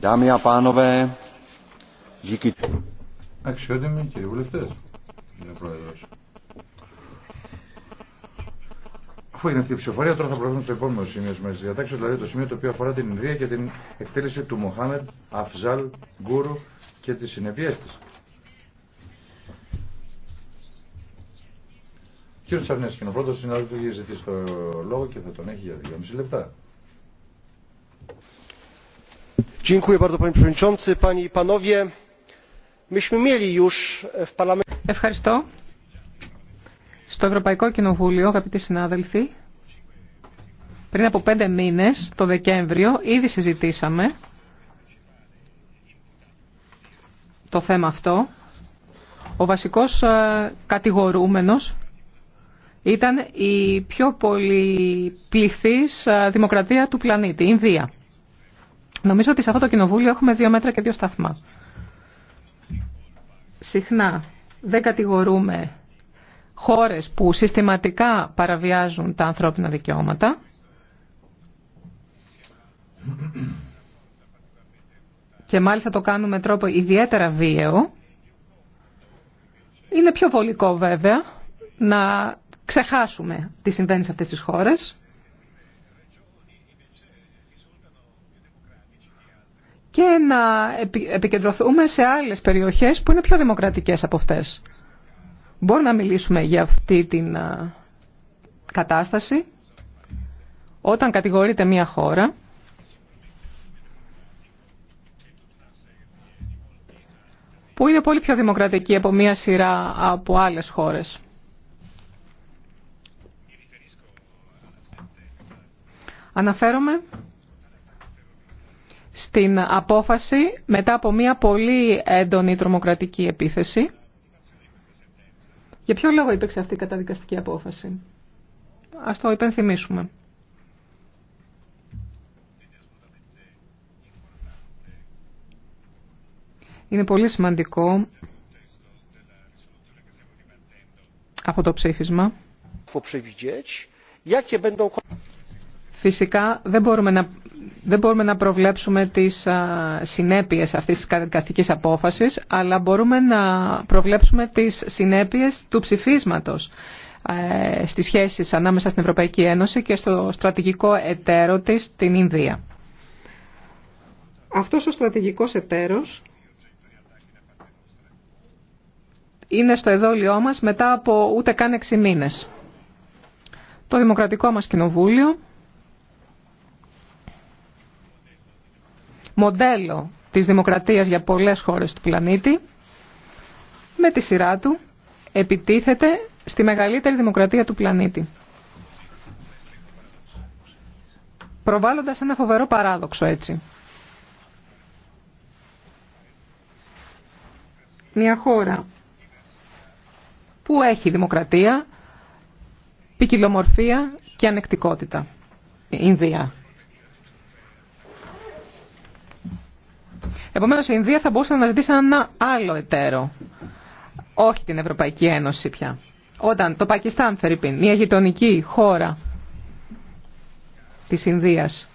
Dámy a pánové, díky... Αξιότιμοι κύριοι βουλευτές, κύριε Αφού έγινε αυτή η ψηφοφορία, τώρα θα προχωρήσουμε στο επόμενο σημείο τη μέρη δηλαδή το σημείο το οποίο αφορά την Ινδία και την εκτέλεση του Μοχάμετ Αφζάλ Γκούρου και τι συνεπιέ τη. Κύριο Σαρνέσκη, ο πρώτο συνάδελφο που έχει ζητήσει το λόγο και θα τον έχει για δύο μισή λεπτά. Ευχαριστώ. Στο Ευρωπαϊκό Κοινοβούλιο, αγαπητοί συνάδελφοι, πριν από πέντε μήνες, το Δεκέμβριο, ήδη συζητήσαμε το θέμα αυτό. Ο βασικός ε, κατηγορούμενος ήταν η πιο πολυπληθής ε, δημοκρατία του πλανήτη, η Ινδία. Νομίζω ότι σε αυτό το κοινοβούλιο έχουμε δύο μέτρα και δύο σταθμά. Συχνά δεν κατηγορούμε χώρες που συστηματικά παραβιάζουν τα ανθρώπινα δικαιώματα. Και μάλιστα το κάνουμε τρόπο ιδιαίτερα βίαιο. Είναι πιο βολικό βέβαια να ξεχάσουμε τι συμβαίνει σε αυτές τις χώρες και να επικεντρωθούμε σε άλλες περιοχές που είναι πιο δημοκρατικές από αυτές. Μπορούμε να μιλήσουμε για αυτή την κατάσταση όταν κατηγορείται μια χώρα που είναι πολύ πιο δημοκρατική από μια σειρά από άλλες χώρες. Αναφέρομαι στην απόφαση μετά από μια πολύ έντονη τρομοκρατική επίθεση. Για ποιο λόγο υπήρξε αυτή η καταδικαστική απόφαση. Ας το υπενθυμίσουμε. Είναι πολύ σημαντικό αυτό το ψήφισμα Φυσικά δεν μπορούμε να, δεν μπορούμε να προβλέψουμε τις συνέπειες αυτής της καταδικαστικής απόφασης, αλλά μπορούμε να προβλέψουμε τις συνέπειες του ψηφίσματος ε, στις σχέσεις ανάμεσα στην Ευρωπαϊκή Ένωση και στο στρατηγικό εταίρο της, την Ινδία. Αυτός ο στρατηγικός εταίρος είναι στο εδόλιό μας μετά από ούτε καν 6 μήνες. Το Δημοκρατικό μας Κοινοβούλιο μοντέλο της δημοκρατίας για πολλές χώρες του πλανήτη, με τη σειρά του επιτίθεται στη μεγαλύτερη δημοκρατία του πλανήτη. Προβάλλοντας ένα φοβερό παράδοξο έτσι. Μια χώρα που έχει δημοκρατία, ποικιλομορφία και ανεκτικότητα. Ινδία. Επομένω, η Ινδία θα μπορούσε να αναζητήσει ένα άλλο εταίρο. Όχι την Ευρωπαϊκή Ένωση πια. Όταν το Πακιστάν, Φερρυπίν, μια γειτονική χώρα της Ινδίας,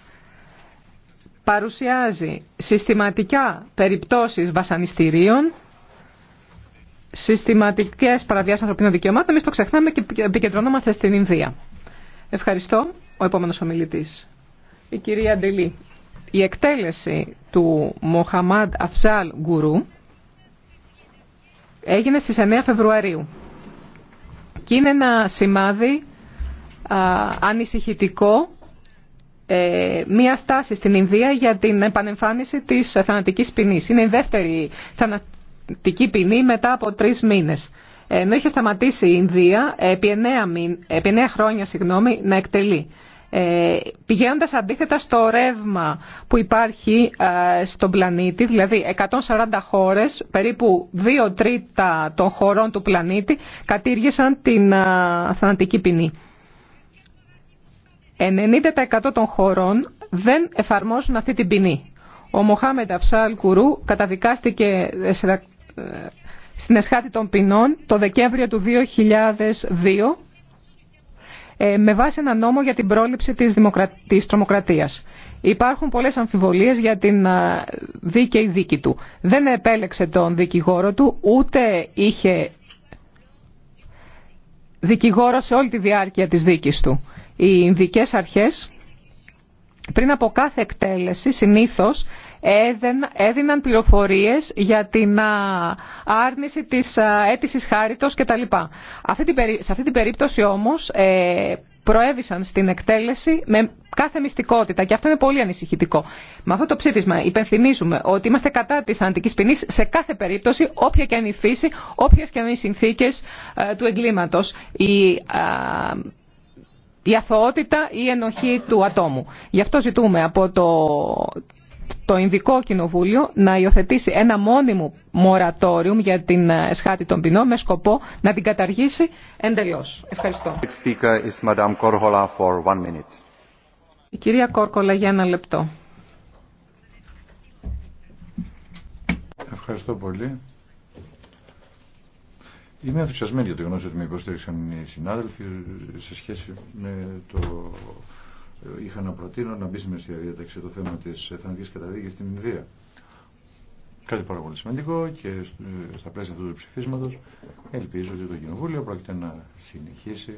παρουσιάζει συστηματικά περιπτώσεις βασανιστήριων, συστηματικές παραβιάσεις ανθρωπίνων δικαιωμάτων, εμείς το ξεχνάμε και επικεντρωνόμαστε στην Ινδία. Ευχαριστώ. Ο επόμενος ομιλητής. Η κυρία Ντελή η εκτέλεση του Μοχαμάντ Αφζάλ Γκουρού έγινε στις 9 Φεβρουαρίου και είναι ένα σημάδι α, ανησυχητικό ε, μια στάση στην Ινδία για την επανεμφάνιση της θανατικής ποινή. Είναι η δεύτερη θανατική ποινή μετά από τρεις μήνες. Ενώ είχε σταματήσει η Ινδία επί 9, επί 9 χρόνια συγγνώμη, να εκτελεί. Ε, πηγαίνοντας αντίθετα στο ρεύμα που υπάρχει ε, στον πλανήτη, δηλαδή 140 χώρες, περίπου 2 τρίτα των χωρών του πλανήτη, κατήργησαν την ε, θανατική ποινή. 90% των χωρών δεν εφαρμόζουν αυτή την ποινή. Ο Μοχάμεντα Αυσάλ Κουρού καταδικάστηκε στην εσχάτη των ποινών το Δεκέμβριο του 2002 ε, με βάση ένα νόμο για την πρόληψη της, δημοκρα... τρομοκρατίας. Υπάρχουν πολλές αμφιβολίες για την ε, δίκαιη δίκη του. Δεν επέλεξε τον δικηγόρο του, ούτε είχε δικηγόρο σε όλη τη διάρκεια της δίκης του. Οι δικές αρχές πριν από κάθε εκτέλεση συνήθως έδιναν πληροφορίες για την άρνηση της αίτησης χάριτος κτλ. Σε αυτή την περίπτωση όμως ε, προέβησαν στην εκτέλεση με κάθε μυστικότητα και αυτό είναι πολύ ανησυχητικό. Με αυτό το ψήφισμα υπενθυμίζουμε ότι είμαστε κατά της αντικής ποινής σε κάθε περίπτωση, όποια και αν η φύση, όποιες και αν είναι οι συνθήκες ε, του εγκλήματος. Η, η αθωότητα ή η ενοχή του ατόμου. Γι' αυτό ζητούμε από το, το Ινδικό Κοινοβούλιο να υιοθετήσει ένα μόνιμο μορατόριο για την εσχάτη των ποινών με σκοπό να την καταργήσει εντελώς. Ευχαριστώ. Η κυρία Κόρκολα για ένα λεπτό. Ευχαριστώ πολύ. Είμαι ενθουσιασμένη για το γνώση ότι με υποστήριξαν οι συνάδελφοι σε σχέση με το είχα να προτείνω να μπει στη μεσαία διάταξη το θέμα τη εθνική καταδίκης στην Ινδία. Κάτι πάρα πολύ σημαντικό και ε, στα πλαίσια αυτού του ψηφίσματο ελπίζω ότι το Κοινοβούλιο πρόκειται να συνεχίσει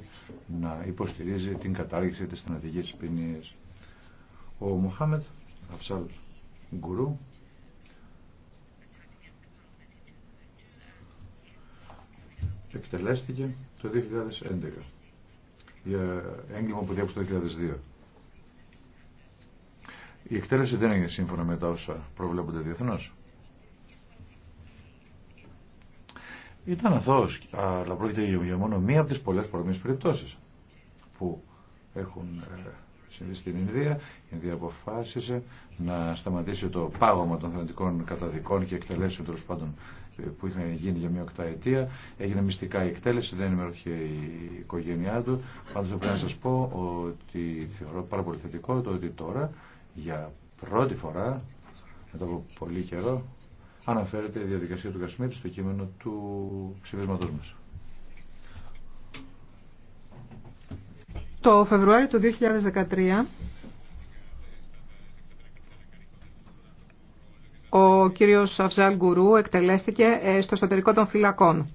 να υποστηρίζει την κατάργηση τη θανατικής ποινή. Ο Μοχάμετ Αυσάλ Γκουρού εκτελέστηκε το 2011 για έγκλημα που το 2002. Η εκτέλεση δεν έγινε σύμφωνα με τα όσα προβλέπονται διεθνώ. Ήταν αθώο, αλλά πρόκειται για μόνο μία από τι πολλέ προμήθειε περιπτώσει που έχουν ε, συμβεί στην Ινδία. Η Ινδία αποφάσισε να σταματήσει το πάγωμα των θανατικών καταδικών και εκτελέσεων τέλο πάντων ε, που είχαν γίνει για μια οκταετία. Έγινε μυστικά η εκτέλεση, δεν ενημερώθηκε η οικογένειά του. Πάντω πρέπει να σας πω ότι θεωρώ πάρα πολύ θετικό το ότι τώρα για πρώτη φορά μετά από πολύ καιρό αναφέρεται η διαδικασία του Κασμίρ στο κείμενο του ψηφίσματός μας. Το Φεβρουάριο του 2013 ο κύριος Αυζάλ Γκουρού εκτελέστηκε ε, στο εσωτερικό των φυλακών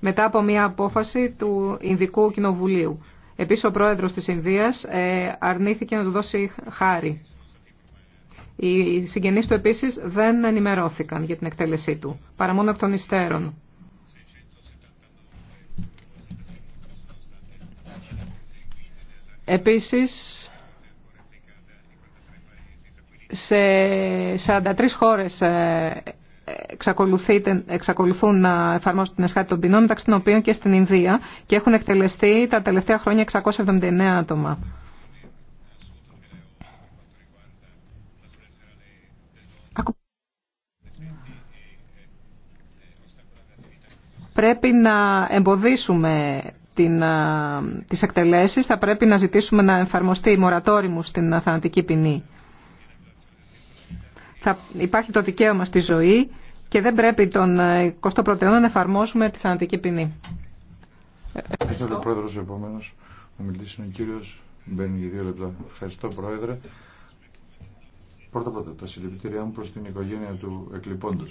μετά από μια απόφαση του Ινδικού Κοινοβουλίου. Επίσης ο πρόεδρος της Ινδίας ε, αρνήθηκε να του δώσει χάρη. Οι συγγενείς του επίσης δεν ενημερώθηκαν για την εκτέλεσή του, παρά μόνο εκ των υστέρων. Επίσης, σε 43 χώρες ε, εξακολουθούν να εφαρμόζουν την εσχάτη των ποινών, μεταξύ των οποίων και στην Ινδία και έχουν εκτελεστεί τα τελευταία χρόνια 679 άτομα. Πρέπει να εμποδίσουμε την, τις εκτελέσεις, θα πρέπει να ζητήσουμε να εφαρμοστεί η μορατόριμου στην θανατική ποινή θα υπάρχει το δικαίωμα στη ζωή και δεν πρέπει τον ε, 21ο αιώνα να εφαρμόσουμε τη θανατική ποινή. Ευχαριστώ. Πρόεδρος, επόμενος, ο μιλήσει είναι ο μιλησει ο Μπαίνει για δύο λεπτά. Ευχαριστώ Πρόεδρε. Πρώτα απ' όλα, τα συλληπιτήριά μου προ την οικογένεια του εκλειπώντο.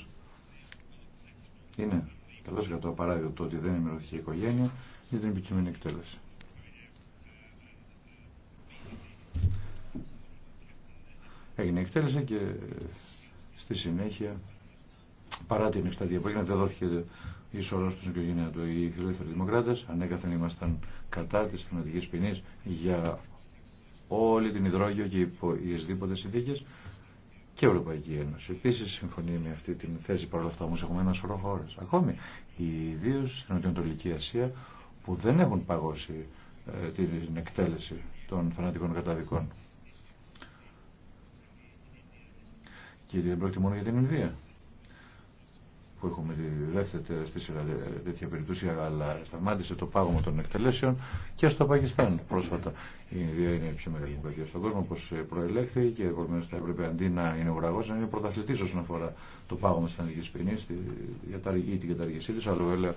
Είναι καλώ για το παράδειγμα το ότι δεν ενημερωθεί η οικογένεια για την επικείμενη εκτέλεση. έγινε εκτέλεση και στη συνέχεια παρά την εκστατεία που έγινε δεν δόθηκε σωρό στην οικογένεια του. Οι φιλελεύθεροι δημοκράτες ανέκαθεν ήμασταν κατά της θανατικής ποινή για όλη την υδρόγειο και υπό ιεσδήποτε συνθήκες και η Ευρωπαϊκή Ένωση. Επίση συμφωνεί με αυτή την θέση. Παρ' όλα αυτά όμω έχουμε ένα σωρό χώρε. Ακόμη, ιδίω στην Νοτιοανατολική Ασία, που δεν έχουν παγώσει ε, την εκτέλεση των θανατικών καταδικών. Και δεν πρόκειται μόνο για την Ινδία που έχουμε τη δεύτερη στη τέτοια περιπτώση, αλλά σταμάτησε το πάγωμα των εκτελέσεων και στο Πακιστάν πρόσφατα. Η Ινδία είναι η πιο μεγάλη δημοκρατία στον κόσμο, όπω προελέχθη, και επομένω θα έπρεπε αντί να είναι ουραγό, να είναι πρωταθλητή όσον αφορά το πάγωμα τη Ανατολική Ποινή ή την καταργήσή τη. Αλλά βέβαια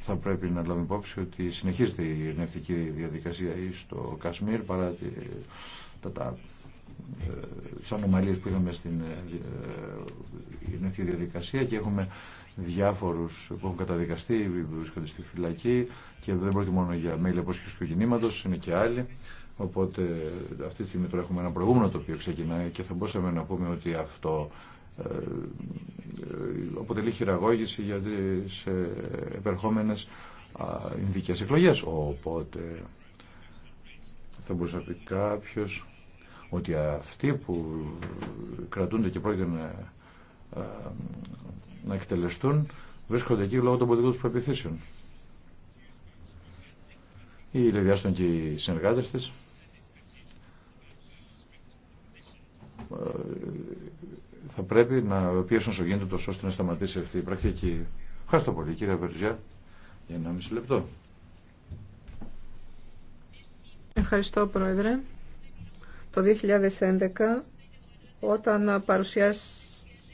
θα πρέπει να λάβουμε υπόψη ότι συνεχίζεται η νευτική διαδικασία συνεχιζεται η ενευτικη διαδικασια στο Κασμίρ παρά τα ε, σαν ανομαλίες που είχαμε στην γεννήθη ε, διαδικασία και έχουμε διάφορους που έχουν καταδικαστεί, βρίσκονται στη φυλακή και δεν πρόκειται μόνο για μέλη απόσχεσης του κινήματος, είναι και άλλοι. Οπότε αυτή τη στιγμή τώρα έχουμε ένα προηγούμενο το οποίο ξεκινάει και θα μπορούσαμε να πούμε ότι αυτό ε, αποτελεί χειραγώγηση για τις επερχόμενες ειδικές εκλογές. Οπότε θα μπορούσε να πει κάποιος ότι αυτοί που κρατούνται και πρόκειται να, ε, εκτελεστούν βρίσκονται εκεί λόγω των πολιτικών του προπηθήσεων. Η Λεβιάστον και οι συνεργάτε τη ε, θα πρέπει να πιέσουν στο γίνεται ώστε να σταματήσει αυτή η πρακτική. Ευχαριστώ πολύ κύριε Βερζιά για ένα μισή λεπτό. Ευχαριστώ Πρόεδρε. Το 2011 όταν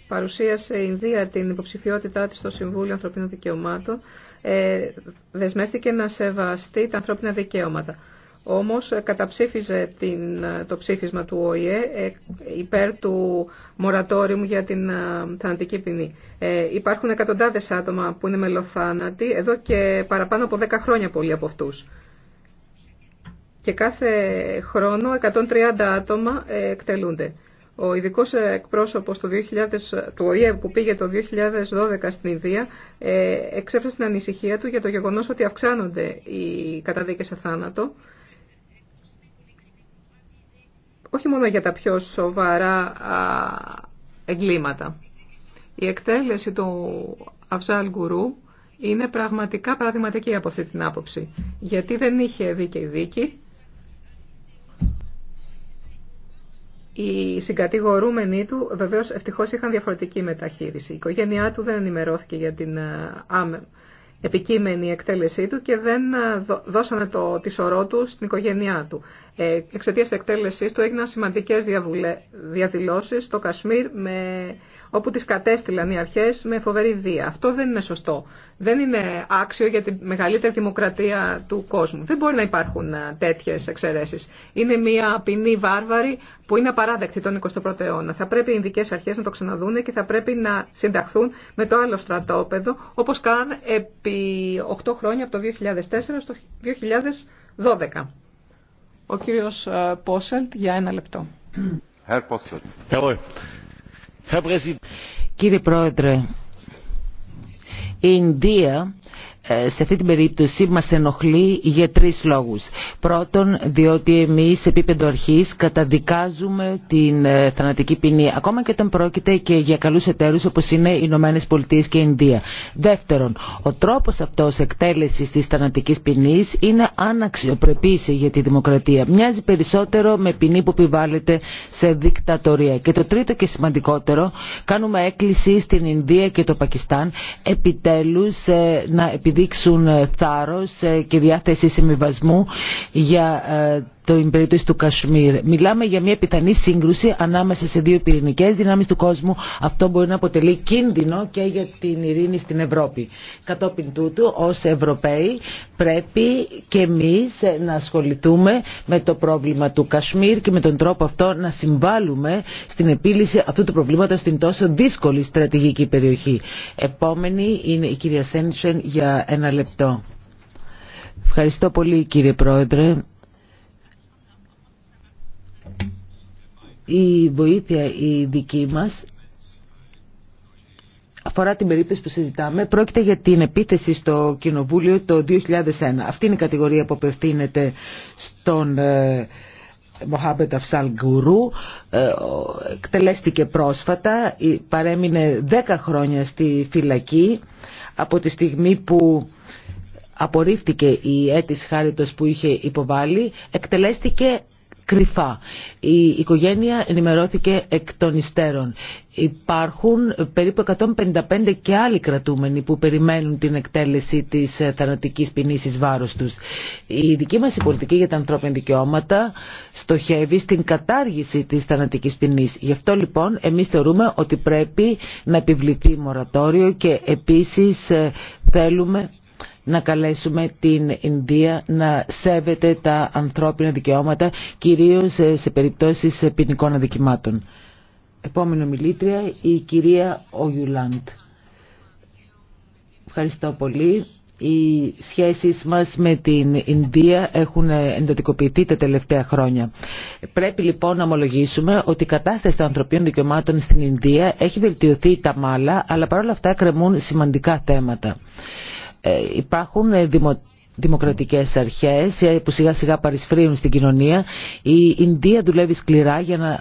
παρουσίασε η Ινδία την υποψηφιότητά της στο Συμβούλιο Ανθρωπίνων Δικαιωμάτων ε, δεσμεύτηκε να σεβαστεί τα ανθρώπινα δικαιώματα. Όμως ε, καταψήφιζε την, ε, το ψήφισμα του ΟΗΕ υπέρ του μορατόριου για την θανατική ποινή. Ε, υπάρχουν εκατοντάδες άτομα που είναι μελοθάνατοι εδώ και παραπάνω από 10 χρόνια πολλοί από αυτούς και κάθε χρόνο 130 άτομα ε, εκτελούνται. Ο ειδικό εκπρόσωπος του, 2000, του ΟΗΕ που πήγε το 2012 στην Ινδία ε, εξέφρασε την ανησυχία του για το γεγονός ότι αυξάνονται οι καταδίκες σε θάνατο όχι μόνο για τα πιο σοβαρά εγκλήματα. Η εκτέλεση του Αυζάλ Γκουρού είναι πραγματικά παραδειγματική από αυτή την άποψη. Γιατί δεν είχε δίκαιη δίκη, Οι συγκατηγορούμενοι του βεβαίως ευτυχώς είχαν διαφορετική μεταχείριση. Η οικογένειά του δεν ενημερώθηκε για την ε, επικείμενη εκτέλεσή του και δεν ε, δώσανε το σωρό του στην οικογένειά του. Ε, εξαιτίας της εκτέλεσής του έγιναν σημαντικές διαδηλώσεις στο Κασμίρ με όπου τις κατέστηλαν οι αρχές με φοβερή βία. Αυτό δεν είναι σωστό. Δεν είναι άξιο για τη μεγαλύτερη δημοκρατία του κόσμου. Δεν μπορεί να υπάρχουν ε, τέτοιες εξαιρέσεις. Είναι μια ποινή βάρβαρη που είναι απαράδεκτη τον 21ο αιώνα. Θα πρέπει οι ειδικές αρχές να το ξαναδούνε και θα πρέπει να συνταχθούν με το άλλο στρατόπεδο, όπως καν επί 8 χρόνια από το 2004 στο 2012. Ο κύριος ε, Πόσελτ για ένα λεπτό. Herr Κύριε Πρόεδρε, η Ινδία ε, σε αυτή την περίπτωση μας ενοχλεί για τρεις λόγους. Πρώτον, διότι εμείς σε επίπεδο αρχής καταδικάζουμε την ε, θανατική ποινή, ακόμα και όταν πρόκειται και για καλούς εταίρους όπως είναι οι Ηνωμένε Πολιτείες και η Ινδία. Δεύτερον, ο τρόπος αυτός εκτέλεσης της θανατικής ποινή είναι αναξιοπρεπής για τη δημοκρατία. Μοιάζει περισσότερο με ποινή που επιβάλλεται σε δικτατορία. Και το τρίτο και σημαντικότερο, κάνουμε έκκληση στην Ινδία και το Πακιστάν επιτέλους ε, να επιδείξουν θάρρος ε, και διάθεση συμβιβασμού για ε, το περίπτωση του Κασμίρ. Μιλάμε για μια πιθανή σύγκρουση ανάμεσα σε δύο πυρηνικέ δυνάμει του κόσμου. Αυτό μπορεί να αποτελεί κίνδυνο και για την ειρήνη στην Ευρώπη. Κατόπιν τούτου, ω Ευρωπαίοι, πρέπει και εμεί να ασχοληθούμε με το πρόβλημα του Κασμίρ και με τον τρόπο αυτό να συμβάλλουμε στην επίλυση αυτού του προβλήματο στην τόσο δύσκολη στρατηγική περιοχή. Επόμενη είναι η κυρία Σέντσεν για ένα λεπτό. Ευχαριστώ πολύ κύριε Πρόεδρε. Η βοήθεια η δική μας αφορά την περίπτωση που συζητάμε. Πρόκειται για την επίθεση στο Κοινοβούλιο το 2001. Αυτή είναι η κατηγορία που απευθύνεται στον ε, Μοχάμπετ Αφσάλ Γκουρού ε, εκτελέστηκε πρόσφατα παρέμεινε 10 χρόνια στη φυλακή από τη στιγμή που απορρίφθηκε η αίτηση χάριτος που είχε υποβάλει εκτελέστηκε κρυφά. Η οικογένεια ενημερώθηκε εκ των υστέρων. Υπάρχουν περίπου 155 και άλλοι κρατούμενοι που περιμένουν την εκτέλεση της ε, θανατικής ποινής εις βάρος τους. Η δική μας πολιτική για τα ανθρώπινα δικαιώματα στοχεύει στην κατάργηση της θανατικής ποινής. Γι' αυτό λοιπόν εμείς θεωρούμε ότι πρέπει να επιβληθεί μορατόριο και επίσης ε, θέλουμε να καλέσουμε την Ινδία να σέβεται τα ανθρώπινα δικαιώματα, κυρίως σε περιπτώσεις ποινικών αδικημάτων. Επόμενο μιλήτρια, η κυρία Ογιουλάντ. Ευχαριστώ πολύ. Οι σχέσεις μας με την Ινδία έχουν εντατικοποιηθεί τα τελευταία χρόνια. Πρέπει λοιπόν να ομολογήσουμε ότι η κατάσταση των ανθρωπίνων δικαιωμάτων στην Ινδία έχει βελτιωθεί τα μάλα, αλλά παρόλα αυτά κρεμούν σημαντικά θέματα. Ε, υπάρχουν δημοτικοί δημοκρατικές αρχές ε, που σιγά σιγά παρισφρίουν στην κοινωνία. Η Ινδία δουλεύει σκληρά για να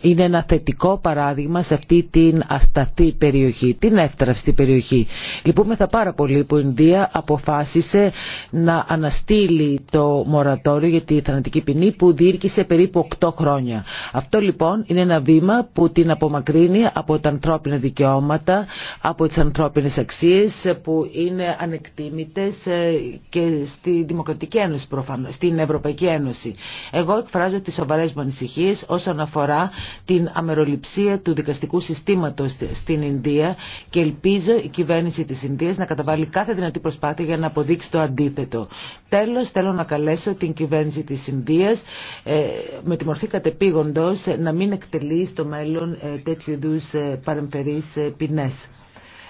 είναι ένα θετικό παράδειγμα σε αυτή την ασταθή περιοχή, την εύτραυστη περιοχή. Λυπούμεθα πάρα πολύ που η Ινδία αποφάσισε να αναστείλει το μορατόριο για τη θανατική ποινή που διήρκησε περίπου 8 χρόνια. Αυτό λοιπόν είναι ένα βήμα που την απομακρύνει από τα ανθρώπινα δικαιώματα, από τις ανθρώπινες αξίες που είναι ανεκτήμητες ε, και στη Δημοκρατική Ένωση προφανώς, στην Ευρωπαϊκή Ένωση. Εγώ εκφράζω τις σοβαρές μου ανησυχίες όσον αφορά την αμεροληψία του δικαστικού συστήματος στην Ινδία και ελπίζω η κυβέρνηση της Ινδίας να καταβάλει κάθε δυνατή προσπάθεια για να αποδείξει το αντίθετο. Τέλος, θέλω να καλέσω την κυβέρνηση της Ινδίας ε, με τη μορφή κατεπήγοντος να μην εκτελεί στο μέλλον ε, τέτοιου είδου ε, παρεμφερείς ποινές.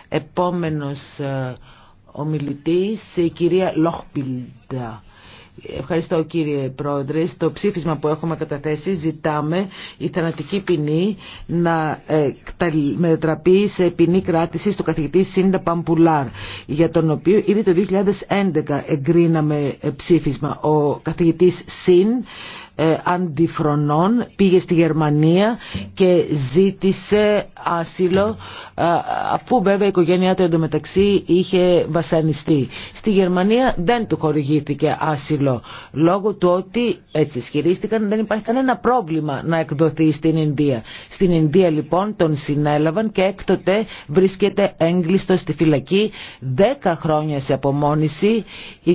Επόμενος ομιλητής, η κυρία Λόχπιλντα. Ευχαριστώ κύριε Πρόεδρε. Στο ψήφισμα που έχουμε καταθέσει ζητάμε η θανατική ποινή να ε, μετατραπεί σε ποινή κράτηση του καθηγητή Σίντα Παμπουλάρ για τον οποίο ήδη το 2011 εγκρίναμε ε, ψήφισμα. Ο καθηγητής Σίν ε, αντιφρονών πήγε στη Γερμανία και ζήτησε άσυλο ε, αφού βέβαια η οικογένειά του εντωμεταξύ είχε βασανιστεί. Στη Γερμανία δεν του χορηγήθηκε άσυλο λόγω του ότι έτσι ισχυρίστηκαν δεν υπάρχει κανένα πρόβλημα να εκδοθεί στην Ινδία. Στην Ινδία λοιπόν τον συνέλαβαν και έκτοτε βρίσκεται έγκλειστο στη φυλακή 10 χρόνια σε απομόνηση 22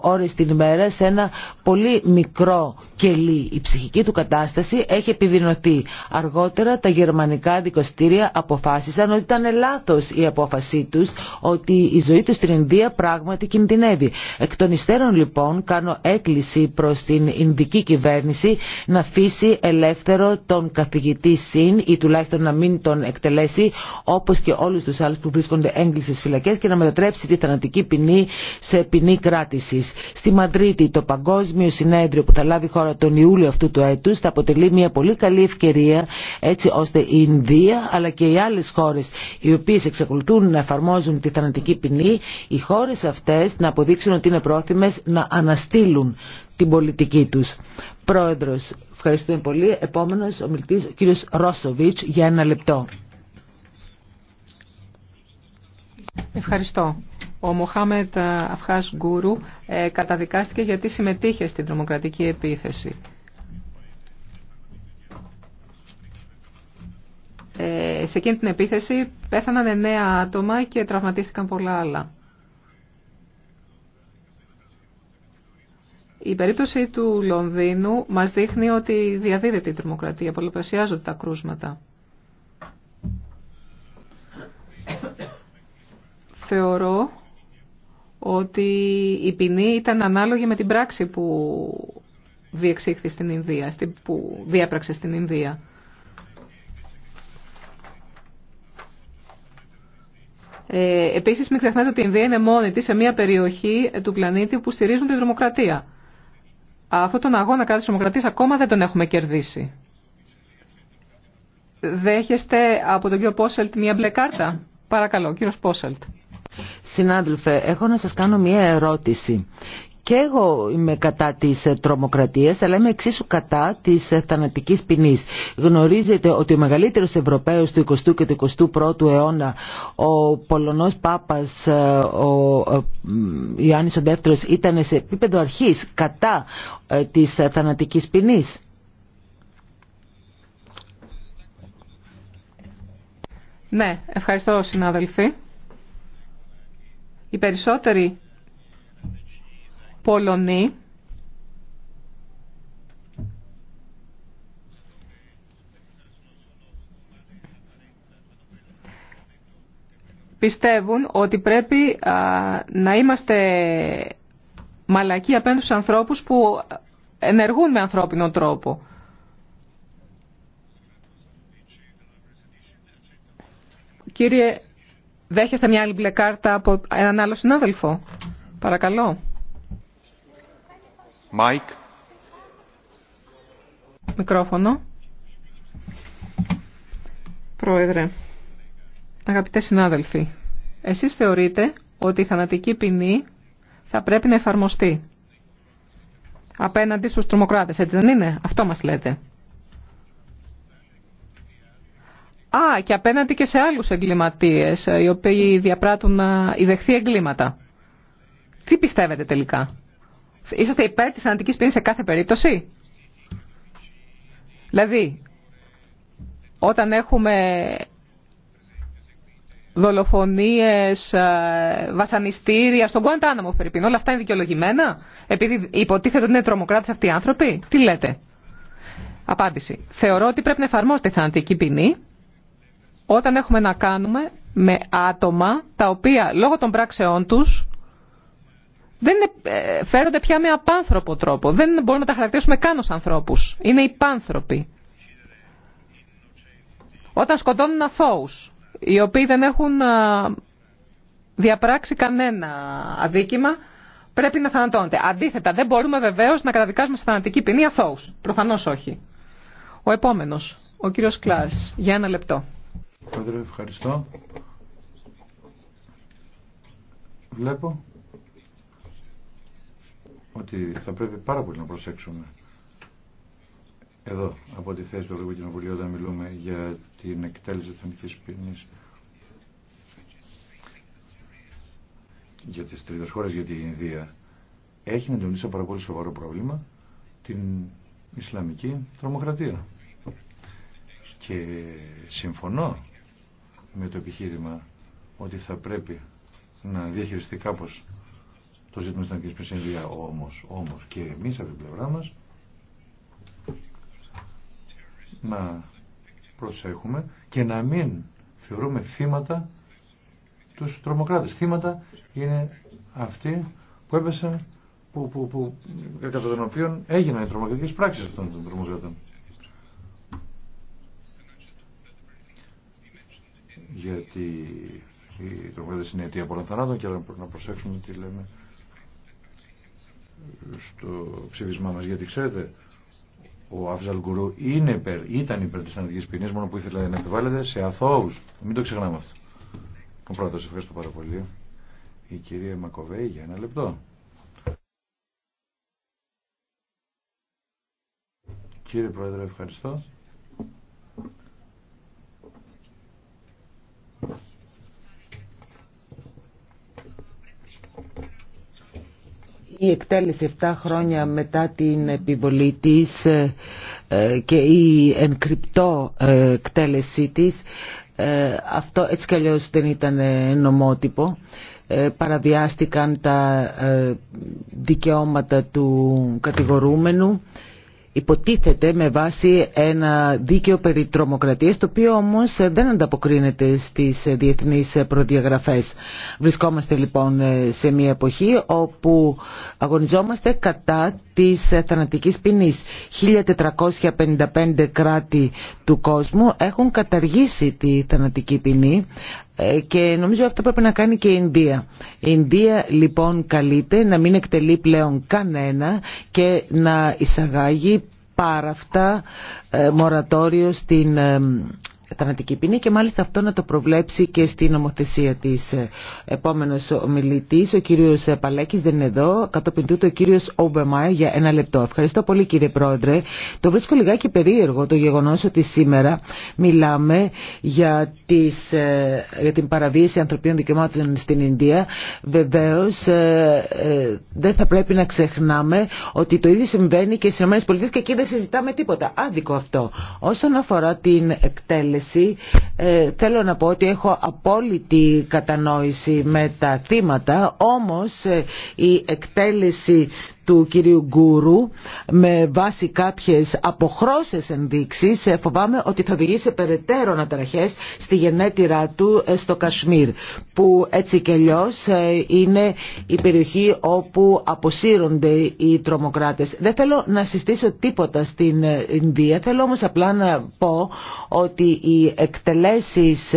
ώρες την ημέρα σε ένα πολύ μικρό κελί. Η ψυχική του κατάσταση έχει επιδεινωθεί. Αργότερα τα γερμανικά δικαστήρια αποφάσισαν ότι ήταν λάθος η απόφασή τους, ότι η ζωή του στην Ινδία πράγματι κινδυνεύει. Εκ των υστέρων λοιπόν κάνω έκκληση προς την Ινδική κυβέρνηση να αφήσει ελεύθερο τον καθηγητή ΣΥΝ ή τουλάχιστον να μην τον εκτελέσει όπως και όλους τους άλλους που βρίσκονται έγκλησες φυλακές και να μετατρέψει τη θανατική ποινή σε ποινή κράτηση. Στη Μαδρίτη το Παγκόσμιο Συνέδριο συνέδριο που θα λάβει χώρα τον Ιούλιο αυτού του έτους θα αποτελεί μια πολύ καλή ευκαιρία έτσι ώστε η Ινδία αλλά και οι άλλες χώρες οι οποίες εξακολουθούν να εφαρμόζουν τη θανατική ποινή οι χώρες αυτές να αποδείξουν ότι είναι πρόθυμες να αναστείλουν την πολιτική τους. Πρόεδρος, ευχαριστούμε πολύ. Επόμενος ο ο κύριος Ρόσοβιτς για ένα λεπτό. Ευχαριστώ. Ο Μοχάμετ Αφχάς Γκούρου ε, καταδικάστηκε γιατί συμμετείχε στην τρομοκρατική επίθεση. Ε, σε εκείνη την επίθεση πέθαναν εννέα άτομα και τραυματίστηκαν πολλά άλλα. Η περίπτωση του Λονδίνου μας δείχνει ότι διαδίδεται η τρομοκρατία, πολλαπλασιάζονται τα κρούσματα. Θεωρώ ότι η ποινή ήταν ανάλογη με την πράξη που διεξήχθη στην Ινδία, που διέπραξε στην Ινδία. Ε, επίσης μην ξεχνάτε ότι η Ινδία είναι μόνη της σε μια περιοχή του πλανήτη που στηρίζουν τη δημοκρατία. Αυτό τον αγώνα κατά της δημοκρατίας ακόμα δεν τον έχουμε κερδίσει. Δέχεστε από τον κύριο Πόσελτ μια μπλε κάρτα. Παρακαλώ, κύριος Πόσελτ. Συνάδελφε, έχω να σας κάνω μία ερώτηση. Και εγώ είμαι κατά τις ε, τρομοκρατίες, αλλά είμαι εξίσου κατά της ε, θανατικής ποινή. Γνωρίζετε ότι ο μεγαλύτερος Ευρωπαίος του 20ου και του 21ου αιώνα, ο Πολωνός Πάπας, ε, ο Ιωάννης ο ήταν σε επίπεδο αρχής κατά της θανατικής ποινή. Ναι, ευχαριστώ συνάδελφοι. Οι περισσότεροι Πολωνοί πιστεύουν ότι πρέπει να είμαστε μαλακοί απέναντι στους ανθρώπους που ενεργούν με ανθρώπινο τρόπο. Κύριε Δέχεστε μια άλλη μπλε κάρτα από έναν άλλο συνάδελφο. Παρακαλώ. Mike. Μικρόφωνο. Πρόεδρε, αγαπητέ συνάδελφοι, εσείς θεωρείτε ότι η θανατική ποινή θα πρέπει να εφαρμοστεί απέναντι στους τρομοκράτες, έτσι δεν είναι, αυτό μας λέτε. Α, και απέναντι και σε άλλους εγκληματίες, ε, οι οποίοι διαπράττουν να ε, ιδεχθεί εγκλήματα. Τι πιστεύετε τελικά. Είσαστε υπέρ της ανατικής ποινής σε κάθε περίπτωση. Δηλαδή, όταν έχουμε δολοφονίες, ε, βασανιστήρια, στον Κουαντάναμο περίπτωση, όλα αυτά είναι δικαιολογημένα, επειδή υποτίθεται ότι είναι τρομοκράτες αυτοί οι άνθρωποι. Τι λέτε. Απάντηση. Θεωρώ ότι πρέπει να εφαρμόσετε θανατική ποινή όταν έχουμε να κάνουμε με άτομα τα οποία λόγω των πράξεών τους δεν ε, φέρονται πια με απάνθρωπο τρόπο. Δεν μπορούμε να τα χαρακτηρίσουμε καν ως ανθρώπους. Είναι υπάνθρωποι. Όταν σκοτώνουν αθώους, οι οποίοι δεν έχουν ε, διαπράξει κανένα αδίκημα, πρέπει να θανατώνονται. Αντίθετα, δεν μπορούμε βεβαίως να καταδικάζουμε σε θανατική ποινή αθώους. Προφανώς όχι. Ο επόμενος, ο κύριος Κλάς, για ένα λεπτό. Πρόεδρε, ευχαριστώ. Βλέπω ότι θα πρέπει πάρα πολύ να προσέξουμε εδώ από τη θέση του Ευρωπαϊκού Κοινοβουλίου όταν μιλούμε για την εκτέλεση εθνικής ποινής για τις τρίτες χώρες, για την Ινδία έχει να αντιμετωπίσει πάρα πολύ σοβαρό πρόβλημα την Ισλαμική τρομοκρατία και συμφωνώ με το επιχείρημα ότι θα πρέπει να διαχειριστεί κάπω το ζήτημα στην Αγγλική Όμως, όμως και εμείς από την πλευρά μας να προσέχουμε και να μην θεωρούμε θύματα τους τρομοκράτες. Θύματα είναι αυτοί που έπεσαν που, που, που, κατά τον οποίο έγιναν οι τρομοκρατικές πράξεις αυτών των τρομοκρατών. γιατί η τρομοκράτες είναι αιτία πολλών θανάτων και πρέπει να προσέξουμε τι λέμε στο ψήφισμά μας γιατί ξέρετε ο Αφζαλ είναι υπέρ, ήταν υπέρ της θανατικής ποινής μόνο που ήθελε να επιβάλλεται σε αθώους μην το ξεχνάμε αυτό ο πρόεδρος ευχαριστώ πάρα πολύ η κυρία Μακοβέη για ένα λεπτό Κύριε Πρόεδρε, ευχαριστώ. η εκτέλεση 7 χρόνια μετά την επιβολή της ε, και η ενκρυπτό ε, εκτέλεσή της ε, αυτό έτσι κι αλλιώς δεν ήταν νομότυπο παραβιάστηκαν τα δικαιώματα του κατηγορούμενου υποτίθεται με βάση ένα δίκαιο περί τρομοκρατίας το οποίο όμως δεν ανταποκρίνεται στις διεθνείς προδιαγραφές. Βρισκόμαστε λοιπόν σε μια εποχή όπου αγωνιζόμαστε κατά της θανατικής ποινής. 1455 κράτη του κόσμου έχουν καταργήσει τη θανατική ποινή ε, και νομίζω αυτό πρέπει να κάνει και η Ινδία. Η Ινδία λοιπόν καλείται να μην εκτελεί πλέον κανένα και να εισαγάγει πάρα αυτά ε, μορατόριο στην ε, θανατική ποινή και μάλιστα αυτό να το προβλέψει και στην νομοθεσία της. Ε, επόμενος ομιλητής, ο κύριος ε, Παλέκης δεν είναι εδώ, κατόπιν τούτο ο κύριος Ομπεμάη για ένα λεπτό. Ευχαριστώ πολύ κύριε Πρόεδρε. Το βρίσκω λιγάκι περίεργο το γεγονός ότι σήμερα μιλάμε για, τις, ε, για την παραβίαση ανθρωπίνων δικαιωμάτων στην Ινδία. Βεβαίως δεν θα πρέπει να ξεχνάμε ότι το ίδιο συμβαίνει και στις ΗΠΑ και εκεί δεν συζητάμε τίποτα. Άδικο αυτό. Όσον αφορά την εκτέλεση ε, θέλω να πω ότι έχω απόλυτη κατανόηση με τα θύματα όμως ε, η εκτέλεση του κυρίου Γκούρου με βάση κάποιες αποχρώσεις ενδείξεις ε, φοβάμαι ότι θα οδηγήσει σε περαιτέρω αναταραχές στη γενέτειρά του ε, στο Κασμίρ που έτσι κι αλλιώ ε, είναι η περιοχή όπου αποσύρονται οι τρομοκράτες. Δεν θέλω να συστήσω τίποτα στην Ινδία, θέλω όμως απλά να πω ότι οι εκτελέσεις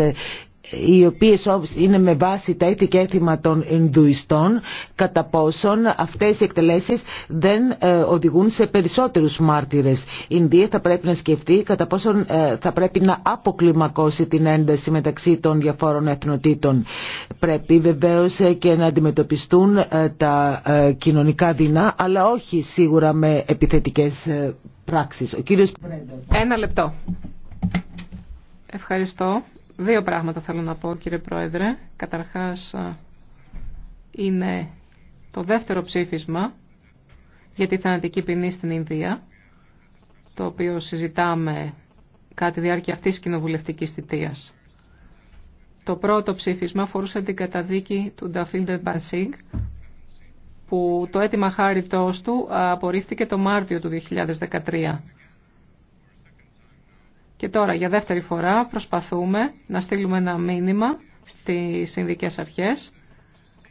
οι οποίες είναι με βάση τα ήθη έθιμα των Ινδουιστών, κατά πόσον αυτές οι εκτελέσεις δεν ε, οδηγούν σε περισσότερους μάρτυρες. Η Ινδία θα πρέπει να σκεφτεί κατά πόσον ε, θα πρέπει να αποκλιμακώσει την ένταση μεταξύ των διαφόρων εθνοτήτων. Πρέπει βεβαίως ε, και να αντιμετωπιστούν τα κοινωνικά δεινά, αλλά όχι σίγουρα με επιθετικές πράξεις. Ο Ένα λεπτό. Ευχαριστώ. Δύο πράγματα θέλω να πω κύριε Πρόεδρε. Καταρχάς είναι το δεύτερο ψήφισμα για τη θανατική ποινή στην Ινδία, το οποίο συζητάμε κάτι διάρκεια αυτής της κοινοβουλευτικής θητείας. Το πρώτο ψήφισμα αφορούσε την καταδίκη του Νταφίλντερ Μπανσίγκ, που το αίτημα χάριτός του απορρίφθηκε το Μάρτιο του 2013 και τώρα για δεύτερη φορά προσπαθούμε να στείλουμε ένα μήνυμα στις Συνδικές Αρχές.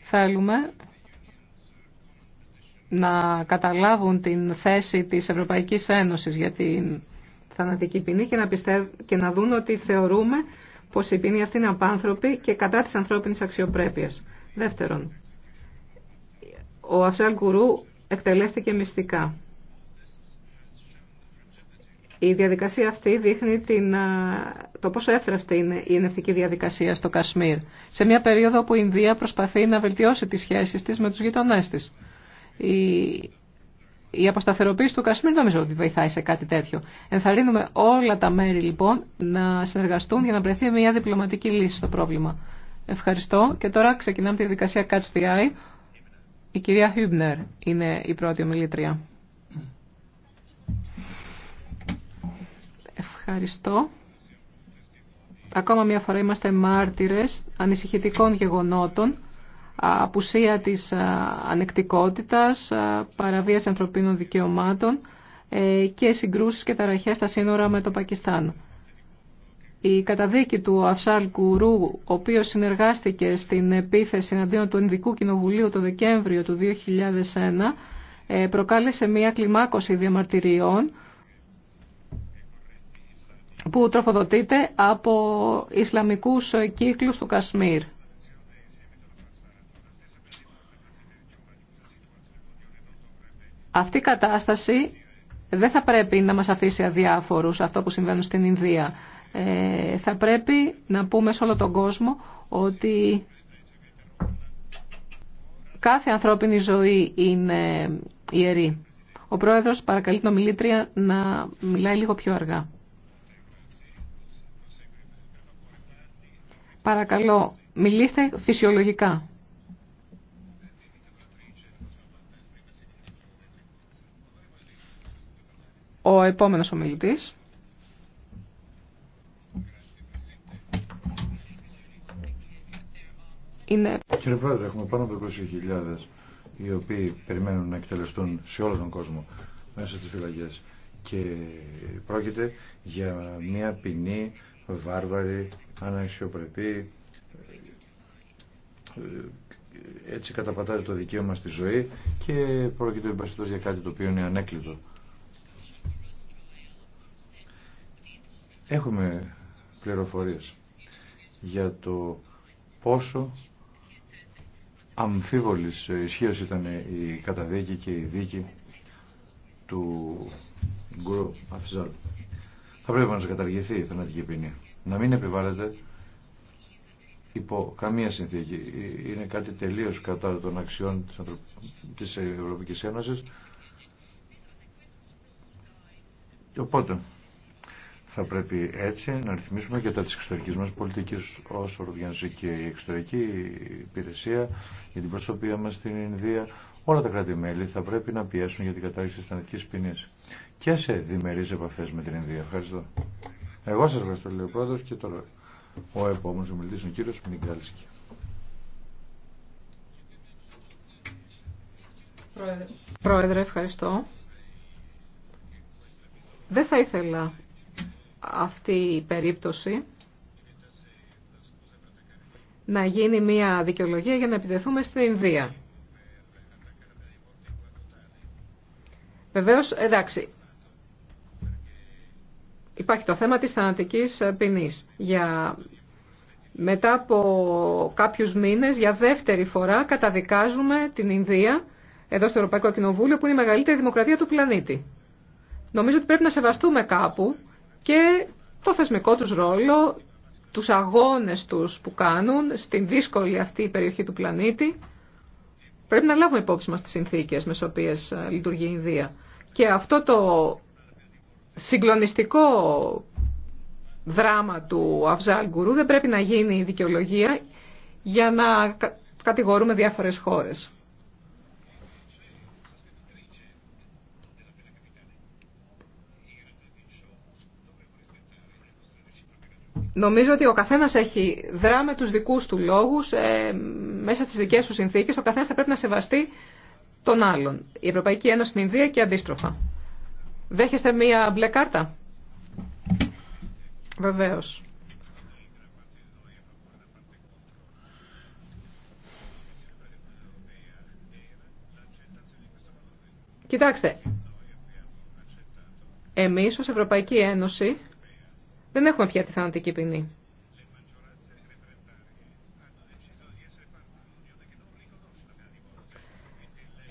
Θέλουμε να καταλάβουν την θέση της Ευρωπαϊκής Ένωσης για την θανατική ποινή και να, πιστεύ... να δουν ότι θεωρούμε πως η ποινή αυτή είναι απάνθρωπη και κατά της ανθρώπινης αξιοπρέπειας. Δεύτερον, ο Αυσάλ Κουρού εκτελέστηκε μυστικά. Η διαδικασία αυτή δείχνει την, το πόσο έφραστη είναι η ενευτική διαδικασία στο Κασμίρ, σε μια περίοδο που η Ινδία προσπαθεί να βελτιώσει τις σχέσεις της με τους γειτονές της. Η, η αποσταθεροποίηση του Κασμίρ νομίζω ότι βοηθάει σε κάτι τέτοιο. Ενθαρρύνουμε όλα τα μέρη λοιπόν να συνεργαστούν για να βρεθεί μια διπλωματική λύση στο πρόβλημα. Ευχαριστώ και τώρα ξεκινάμε τη διαδικασία Catch the Eye. Η κυρία Χιούμπνερ είναι η πρώτη ομιλήτρια. Ευχαριστώ. Ακόμα μια φορά είμαστε μάρτυρες ανησυχητικών γεγονότων, απουσία της ανεκτικότητας, παραβίαση ανθρωπίνων δικαιωμάτων ε, και συγκρούσεις και ταραχές στα σύνορα με το Πακιστάν. Η καταδίκη του Αφσάλ Κουρού, ο οποίος συνεργάστηκε στην επίθεση εναντίον του Ενδικού Κοινοβουλίου το Δεκέμβριο του 2001, ε, προκάλεσε μια κλιμάκωση διαμαρτυριών που τροφοδοτείται από Ισλαμικούς κύκλους του Κασμίρ. Αυτή η κατάσταση δεν θα πρέπει να μας αφήσει αδιάφορους αυτό που συμβαίνει στην Ινδία. Ε, θα πρέπει να πούμε σε όλο τον κόσμο ότι κάθε ανθρώπινη ζωή είναι ιερή. Ο πρόεδρος παρακαλεί την ομιλήτρια να μιλάει λίγο πιο αργά. Παρακαλώ, μιλήστε φυσιολογικά. Ο επόμενος ομιλητής. Είναι... Κύριε Πρόεδρε, έχουμε πάνω από 20.000 οι οποίοι περιμένουν να εκτελεστούν σε όλο τον κόσμο μέσα στις φυλακές και πρόκειται για μια ποινή βάρβαροι, αναξιοπρεπή, ε, έτσι καταπατάει το δικαίωμα στη ζωή και πρόκειται εμπασχετός για κάτι το οποίο είναι ανέκλητο. Έχουμε πληροφορίες για το πόσο αμφίβολης ισχύως ήταν η καταδίκη και η δίκη του γκρού. Αφιζάλου θα πρέπει να καταργηθεί η θανατική ποινή. Να μην επιβάλλεται υπό καμία συνθήκη. Είναι κάτι τελείω κατά των αξιών της Ευρωπαϊκής Ένωσης. Οπότε, θα πρέπει έτσι να ρυθμίσουμε και τα τη εξωτερική μας πολιτική ως οργανωσή και η εξωτερική υπηρεσία για την προσωπία μας στην Ινδία όλα τα κράτη-μέλη θα πρέπει να πιέσουν για την κατάργηση της θανατικής ποινής και σε διμερείς επαφές με την Ινδία. Ευχαριστώ. Εγώ σας ευχαριστώ, λέει ο και τώρα ο επόμενος ομιλητής είναι ο κύριος Μιγκάλσκι. Πρόεδρε, ευχαριστώ. Δεν θα ήθελα αυτή η περίπτωση να γίνει μια δικαιολογία για να επιτεθούμε στην Ινδία. Βεβαίως, εντάξει, υπάρχει το θέμα της θανατικής ε, ποινής. Για... Μετά από κάποιους μήνες, για δεύτερη φορά, καταδικάζουμε την Ινδία, εδώ στο Ευρωπαϊκό Κοινοβούλιο, που είναι η μεγαλύτερη δημοκρατία του πλανήτη. Νομίζω ότι πρέπει να σεβαστούμε κάπου και το θεσμικό τους ρόλο, τους αγώνες τους που κάνουν στην δύσκολη αυτή περιοχή του πλανήτη Πρέπει να λάβουμε υπόψη μας τις συνθήκες με τις οποίες ε, λειτουργεί η Ινδία. Και αυτό το συγκλονιστικό δράμα του Αφζάλ Γκουρού δεν πρέπει να γίνει η δικαιολογία για να κατηγορούμε διάφορες χώρες. Νομίζω ότι ο καθένα έχει δρά με του ε, δικού του λόγου, μέσα στι δικέ του συνθήκε. Ο καθένα θα πρέπει να σεβαστεί τον άλλον. Η Ευρωπαϊκή Ένωση στην Ινδία και αντίστροφα. Δέχεστε μία μπλε κάρτα. Βεβαίω. Κοιτάξτε, εμείς ως Ευρωπαϊκή Ένωση δεν έχουμε πια τη θανατική ποινή.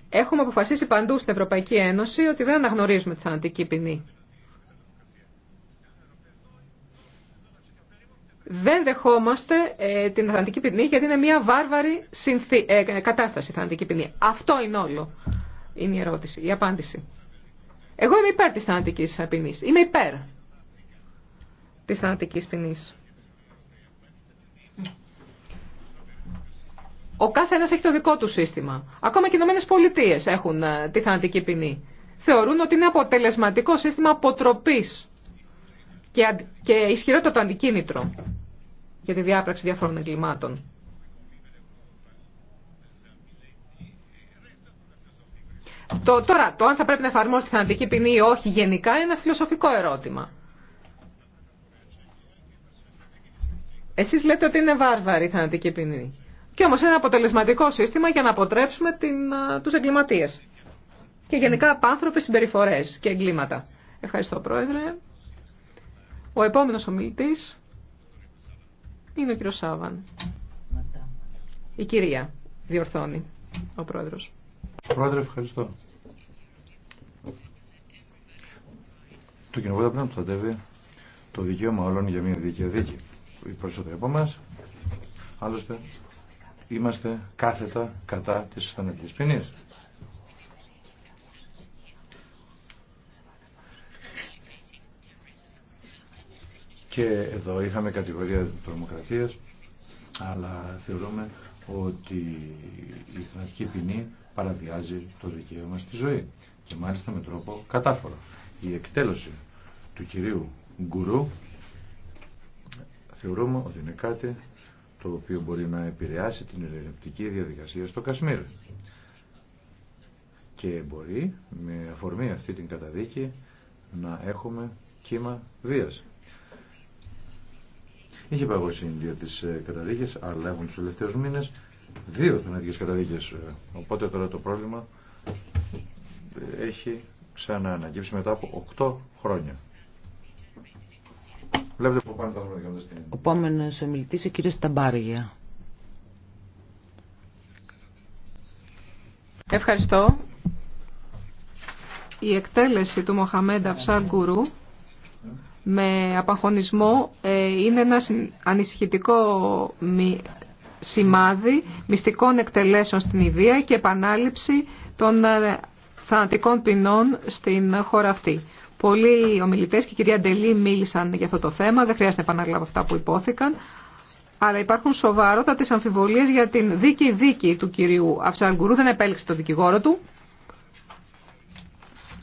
Έχουμε αποφασίσει παντού στην Ευρωπαϊκή Ένωση ότι δεν αναγνωρίζουμε τη θανατική ποινή. Δεν δεχόμαστε ε, την θανατική ποινή γιατί είναι μια βάρβαρη συνθή... Ε, κατάσταση η θανατική ποινή. Αυτό είναι όλο. Είναι η ερώτηση, η απάντηση. Εγώ είμαι υπέρ της θανατικής ποινής. Είμαι υπέρ της θανατικής ποινής. Ο κάθε ένας έχει το δικό του σύστημα. Ακόμα και οι Ηνωμένες Πολιτείες έχουν ε, τη θανατική ποινή. Θεωρούν ότι είναι αποτελεσματικό σύστημα αποτροπής και, και ισχυρότατο αντικίνητρο για τη διάπραξη διαφόρων εγκλημάτων. Το, τώρα, το αν θα πρέπει να εφαρμόσει τη θανατική ποινή ή όχι γενικά είναι ένα φιλοσοφικό ερώτημα. Εσεί λέτε ότι είναι βάρβαρη η θανατική ποινή. Και όμως είναι ένα αποτελεσματικό σύστημα για να αποτρέψουμε του τους Και γενικά απάνθρωπε συμπεριφορές και εγκλήματα. Ευχαριστώ Πρόεδρε. Ο επόμενο ομιλητής είναι ο κύριο Σάβαν. Η κυρία διορθώνει ο Πρόεδρος. Πρόεδρε, ευχαριστώ. Το κοινοβούλιο πρέπει να προστατεύει το δικαίωμα όλων για μια δίκαια δίκη οι περισσότεροι από εμά. Άλλωστε, είμαστε κάθετα κατά της θανατική ποινή. Και εδώ είχαμε κατηγορία τρομοκρατίας, αλλά θεωρούμε ότι η θανατική ποινή παραβιάζει το δικαίωμα στη ζωή και μάλιστα με τρόπο κατάφορο. Η εκτέλεση του κυρίου Γκουρού θεωρούμε ότι είναι κάτι το οποίο μπορεί να επηρεάσει την ελληνική διαδικασία στο Κασμίρ. Και μπορεί με αφορμή αυτή την καταδίκη να έχουμε κύμα βίας. Είχε παγώσει η Ινδία τις ε, καταδίκες, αλλά έχουν τους τελευταίους μήνες δύο θανατικές καταδίκες. Ε. Οπότε τώρα το πρόβλημα έχει ξανααναγκύψει μετά από 8 χρόνια. Βλέπετε που τα Ο επόμενο ομιλητή, ο κύριο Ταμπάργια. Ευχαριστώ. Η εκτέλεση του Μοχαμέντα Αυσάρ Γκουρού με απαγχωνισμό ε, είναι ένα ανησυχητικό σημάδι μυστικών εκτελέσεων στην Ιδία και επανάληψη των ε, θανατικών ποινών στην χώρα αυτή. Πολλοί ομιλητέ και η κυρία Ντελή μίλησαν για αυτό το θέμα. Δεν χρειάζεται να επαναλάβω αυτά που υπόθηκαν. Αλλά υπάρχουν σοβαρότατε αμφιβολίε για την δίκη δίκη του κυρίου Αυσαγκουρού. Δεν επέλεξε τον δικηγόρο του.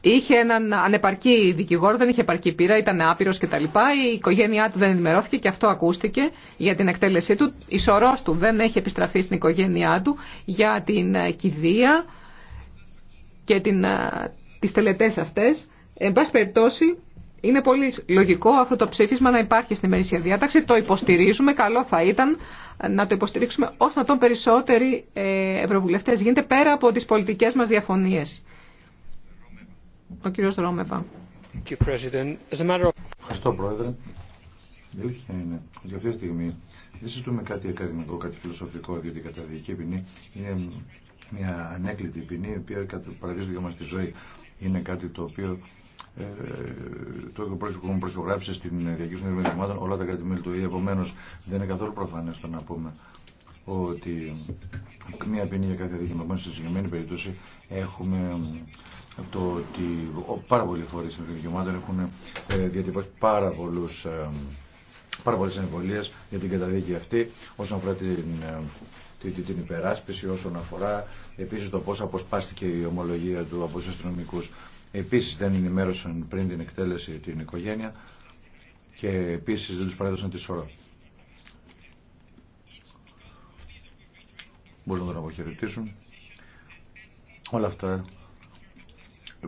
Είχε έναν ανεπαρκή δικηγόρο, δεν είχε επαρκή πείρα, ήταν άπειρο κτλ. Η οικογένειά του δεν ενημερώθηκε και αυτό ακούστηκε για την εκτέλεσή του. Η σωρό του δεν έχει επιστραφεί στην οικογένειά του για την κηδεία και την, ε, τις τελετές αυτές Εν πάση περιπτώσει, είναι πολύ λογικό αυτό το ψήφισμα να υπάρχει στην ημερήσια διάταξη. Το υποστηρίζουμε. Καλό θα ήταν να το υποστηρίξουμε όσο να τον περισσότεροι ε, ευρωβουλευτέ γίνεται πέρα από τι πολιτικέ μα διαφωνίε. Ο κύριο Ρόμεβα. Ευχαριστώ, Πρόεδρε. Η αλήθεια είναι αυτή τη στιγμή δεν συζητούμε κάτι ακαδημαϊκό, κάτι φιλοσοφικό, διότι η καταδική ποινή είναι μια ανέκλητη ποινή, η οποία παραδείγματο μα τη ζωή είναι κάτι το οποίο ε, το έχουν προσωγράψει στην διακήρυξη των δικαιωμάτων όλα τα κράτη-μέλη του ΙΕ. Επομένω, δεν είναι καθόλου προφανέ το να πούμε ότι μία ποινή για κάθε δικαιωμένο στη συγκεκριμένη περίπτωση έχουμε το ότι πάρα πολλοί φορεί των δικαιωμάτων έχουν ε, διατυπώσει πάρα πολλούς ε, πάρα για την καταδίκη αυτή όσον αφορά την, την, την υπεράσπιση όσον αφορά επίση το πώ αποσπάστηκε η ομολογία του από του αστυνομικού. Επίσης δεν ενημέρωσαν πριν την εκτέλεση την οικογένεια και επίσης δεν τους παρέδωσαν τη σωρά. Μπορούν να τον αποχαιρετήσουν. Όλα αυτά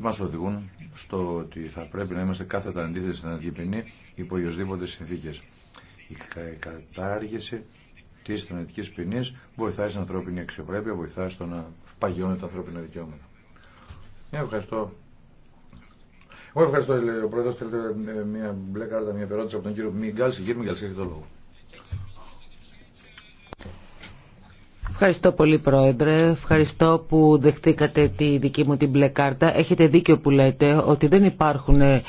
μας οδηγούν στο ότι θα πρέπει να είμαστε κάθετα αντίθεση στην Αντιπινή υπό συνθήκες. Η κατάργηση τη θανατική ποινή βοηθάει στην ανθρώπινη αξιοπρέπεια, βοηθάει στο να παγιώνει τα ανθρώπινα δικαιώματα. Ευχαριστώ εγώ ευχαριστώ, λέει ο Πρόεδρος, θέλετε ε, μια μπλε κάρτα, μια περώτηση από τον κύριο Μιγκάλ. Κύριε Μιγκάλ, έχετε το λόγο. Ευχαριστώ πολύ Πρόεδρε, ευχαριστώ που δεχτήκατε τη δική μου την μπλε κάρτα. Έχετε δίκιο που λέτε ότι δεν υπάρχουν ε,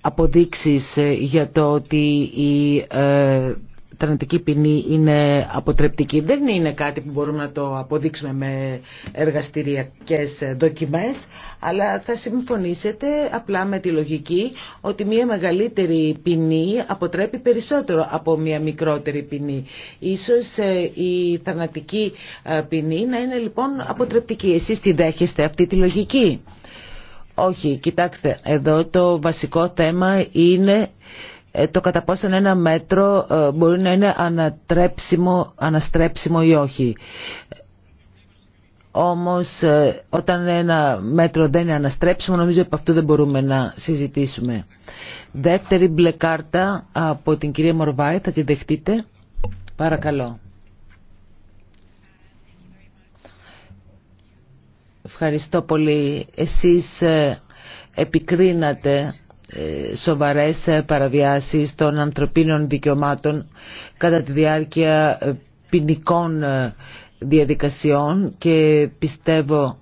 αποδείξεις ε, για το ότι η ε, θανατική ποινή είναι αποτρεπτική. Δεν είναι κάτι που μπορούμε να το αποδείξουμε με εργαστηριακές δοκιμές, αλλά θα συμφωνήσετε απλά με τη λογική ότι μια μεγαλύτερη ποινή αποτρέπει περισσότερο από μια μικρότερη ποινή. Ίσως ε, η θανατική ε, ποινή να είναι λοιπόν αποτρεπτική. Εσείς τη δέχεστε αυτή τη λογική. Όχι, κοιτάξτε, εδώ το βασικό θέμα είναι ε, το κατά πόσο ένα μέτρο ε, μπορεί να είναι ανατρέψιμο, αναστρέψιμο ή όχι. Όμως ε, όταν ένα μέτρο δεν είναι αναστρέψιμο νομίζω από αυτό δεν μπορούμε να συζητήσουμε. Δεύτερη μπλε κάρτα από την κυρία Μορβάη, θα τη δεχτείτε. Παρακαλώ. Ευχαριστώ πολύ. Εσείς επικρίνατε ε, σοβαρές παραβιάσεις των ανθρωπίνων δικαιωμάτων κατά τη διάρκεια ε, ποινικών ε, διαδικασιών και πιστεύω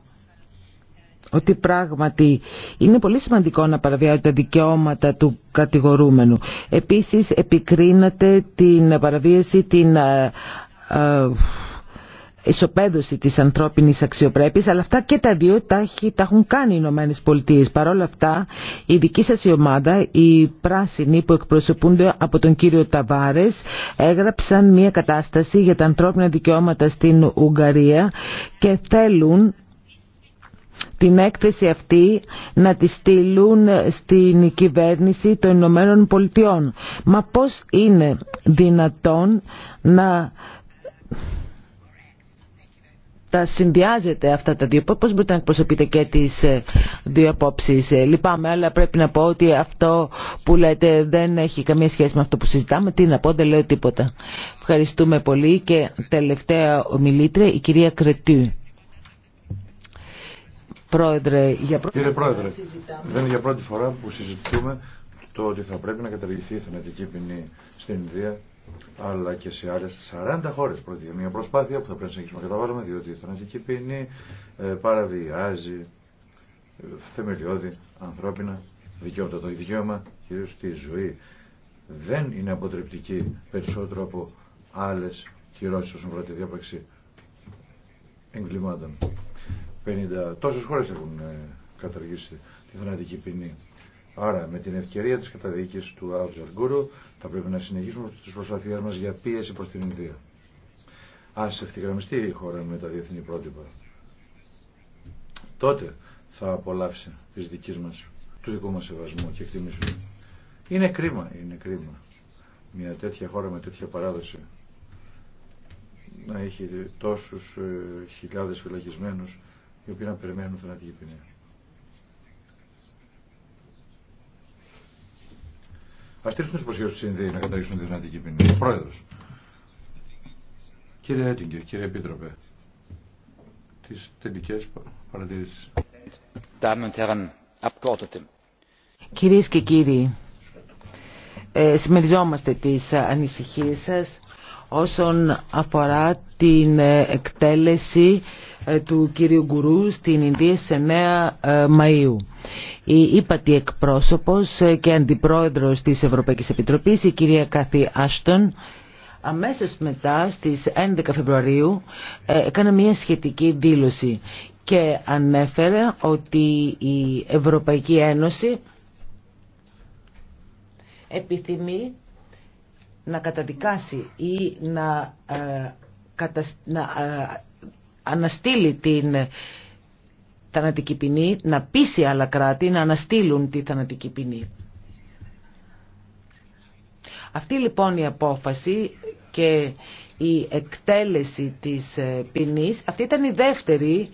ότι πράγματι είναι πολύ σημαντικό να παραβιάζουν τα δικαιώματα του κατηγορούμενου. Επίσης επικρίνεται την παραβίαση, την ισοπαίδωση της ανθρώπινης αξιοπρέπειας αλλά αυτά και τα δύο τα, έχουν κάνει οι Ηνωμένε Πολιτείες. Παρ' όλα αυτά η δική σας η ομάδα, οι πράσινοι που εκπροσωπούνται από τον κύριο Ταβάρες έγραψαν μια κατάσταση για τα ανθρώπινα δικαιώματα στην Ουγγαρία και θέλουν την έκθεση αυτή να τη στείλουν στην κυβέρνηση των Ηνωμένων Πολιτειών. Μα πώς είναι δυνατόν να τα συνδυάζετε αυτά τα δύο. Πώς μπορείτε να εκπροσωπείτε και τις ε, δύο απόψεις. Ε, λυπάμαι, αλλά πρέπει να πω ότι αυτό που λέτε δεν έχει καμία σχέση με αυτό που συζητάμε. Τι να πω, δεν λέω τίποτα. Ευχαριστούμε πολύ και τελευταία ομιλήτρια, η κυρία Κρετού. Πρόεδρε, για Κύριε Πρόεδρε, δεν είναι για πρώτη φορά που συζητούμε το ότι θα πρέπει να καταργηθεί η θενατική ποινή στην Ινδία αλλά και σε άλλες 40 χώρες πρόκειται μια προσπάθεια που θα πρέπει να συνεχίσουμε να καταβάλουμε διότι η θανατική ποινή παραβιάζει ε, θεμελιώδη ανθρώπινα δικαιώματα. Το δικαίωμα κυρίως στη ζωή δεν είναι αποτρεπτική περισσότερο από άλλες κυρώσεις όσον αφορά τη διάπραξη εγκλημάτων. 50 τόσες χώρες έχουν ε, καταργήσει τη θανατική ποινή. Άρα με την ευκαιρία τη καταδική του Αουζαλγκούρου θα πρέπει να συνεχίσουμε τι προσπαθίε μας για πίεση προ την Ινδία. Ας ευθυγραμμιστεί η χώρα με τα διεθνή πρότυπα. Τότε θα απολαύσει της δικής μας, του δικού μας σεβασμού και εκτιμήσει. Είναι κρίμα, είναι κρίμα. Μια τέτοια χώρα με τέτοια παράδοση να έχει τόσους ε, χιλιάδες φυλακισμένους οι οποίοι να περιμένουν θανατική ποινία. Α στήσουμε τι προσχέσει του ΣΥΝΔΕ να καταργήσουν τη δυνατική ποινή. Ο πρόεδρο. Κύριε Έτιγκερ, κύριε Επίτροπε, τι τελικέ παρατηρήσει. Κυρίε και κύριοι, ε, συμμεριζόμαστε τις ανησυχίες σας όσον αφορά την ε, εκτέλεση ε, του κυρίου Γκουρού στην Ινδία σε 9 ε, Μαΐου η ύπατη εκπρόσωπος και αντιπρόεδρος της Ευρωπαϊκής Επιτροπής, η κυρία Κάθη Άστον, αμέσως μετά στις 11 Φεβρουαρίου ε, έκανε μια σχετική δήλωση και ανέφερε ότι η Ευρωπαϊκή Ένωση επιθυμεί να καταδικάσει ή να, ε, να ε, αναστείλει την θανατική να πείσει άλλα κράτη να αναστείλουν τη θανατική ποινή. Αυτή λοιπόν η απόφαση και η εκτέλεση της ε, ποινή, αυτή ήταν η δεύτερη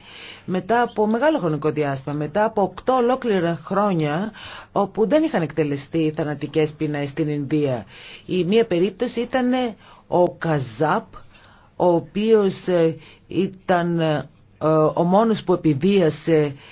μετά από μεγάλο χρονικό διάστημα, μετά από 8 ολόκληρα χρόνια όπου δεν είχαν εκτελεστεί θανατικές ποινές στην Ινδία. Η μία περίπτωση ήταν ο Καζάπ, ο οποίος ε, ήταν ε, ε, ο μόνος που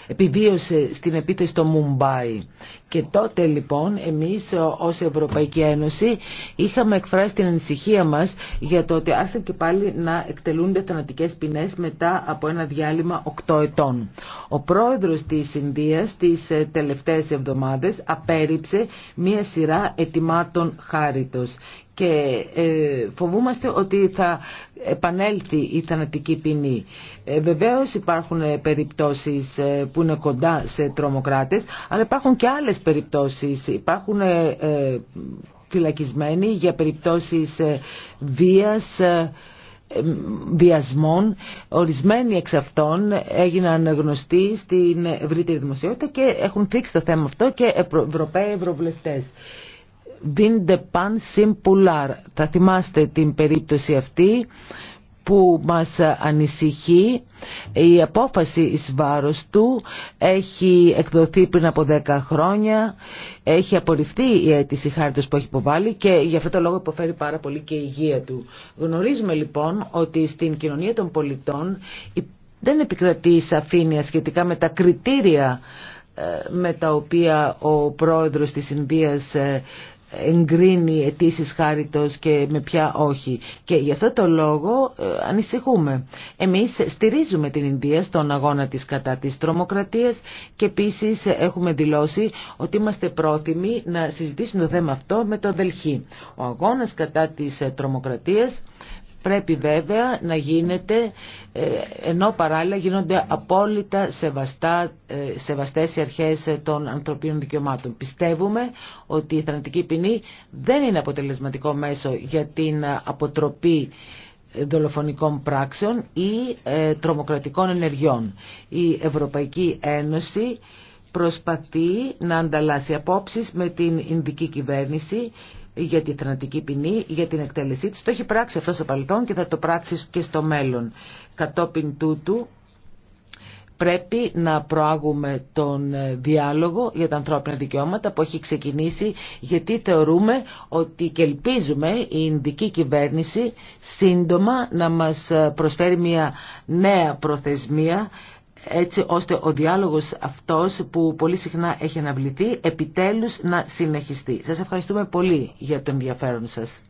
επιβίωσε, στην επίθεση στο Μουμπάι. Και τότε λοιπόν εμείς ε, ως Ευρωπαϊκή Ένωση είχαμε εκφράσει την ανησυχία μας για το ότι άρχισαν και πάλι να εκτελούνται θανατικές ποινές μετά από ένα διάλειμμα 8 ετών. Ο πρόεδρος της Ινδίας τις ε, τελευταίες εβδομάδες απέριψε μία σειρά ετοιμάτων χάριτος και ε, φοβούμαστε ότι θα επανέλθει η θανατική ποινή. Ε, βεβαίως υπάρχουν ε, περιπτώσεις που είναι κοντά σε τρομοκράτες, αλλά υπάρχουν και άλλες περιπτώσεις. Υπάρχουν φυλακισμένοι για περιπτώσεις βίας, βιασμών. Ορισμένοι εξ αυτών έγιναν γνωστοί στην ευρύτερη δημοσιότητα και έχουν θίξει το θέμα αυτό και Ευρωπαίοι Ευρωβουλευτές παν Σιμπουλάρ. Θα θυμάστε την περίπτωση αυτή που μας ανησυχεί. Η απόφαση εις βάρος του έχει εκδοθεί πριν από 10 χρόνια, έχει απορριφθεί η αίτηση χάρτης που έχει υποβάλει και γι' αυτό το λόγο υποφέρει πάρα πολύ και η υγεία του. Γνωρίζουμε λοιπόν ότι στην κοινωνία των πολιτών δεν επικρατεί σαφήνεια σχετικά με τα κριτήρια ε, με τα οποία ο πρόεδρος της Ινδίας ε, εγκρίνει αιτήσει χάριτος και με ποια όχι. Και γι' αυτό το λόγο ε, ανησυχούμε. Εμείς στηρίζουμε την Ινδία στον αγώνα της κατά της τρομοκρατίας και επίσης έχουμε δηλώσει ότι είμαστε πρόθυμοι να συζητήσουμε το θέμα αυτό με το Δελχή. Ο αγώνας κατά της ε, τρομοκρατίας Πρέπει βέβαια να γίνεται, ε, ενώ παράλληλα γίνονται απόλυτα σεβαστά, ε, σεβαστές οι αρχές των ανθρωπίνων δικαιωμάτων. Πιστεύουμε ότι η θανατική ποινή δεν είναι αποτελεσματικό μέσο για την αποτροπή δολοφονικών πράξεων ή ε, τρομοκρατικών ενεργειών. Η Ευρωπαϊκή Ένωση προσπαθεί να ανταλλάσσει απόψεις με την Ινδική κυβέρνηση για τη θανατική ποινή, για την εκτέλεσή της. Το έχει πράξει αυτό στο παρελθόν και θα το πράξει και στο μέλλον. Κατόπιν τούτου πρέπει να προάγουμε τον ε, διάλογο για τα ανθρώπινα δικαιώματα που έχει ξεκινήσει γιατί θεωρούμε ότι και ελπίζουμε η Ινδική κυβέρνηση σύντομα να μας ε, προσφέρει μια νέα προθεσμία έτσι ώστε ο διάλογος αυτός που πολύ συχνά έχει αναβληθεί επιτέλους να συνεχιστεί. Σας ευχαριστούμε πολύ για το ενδιαφέρον σας.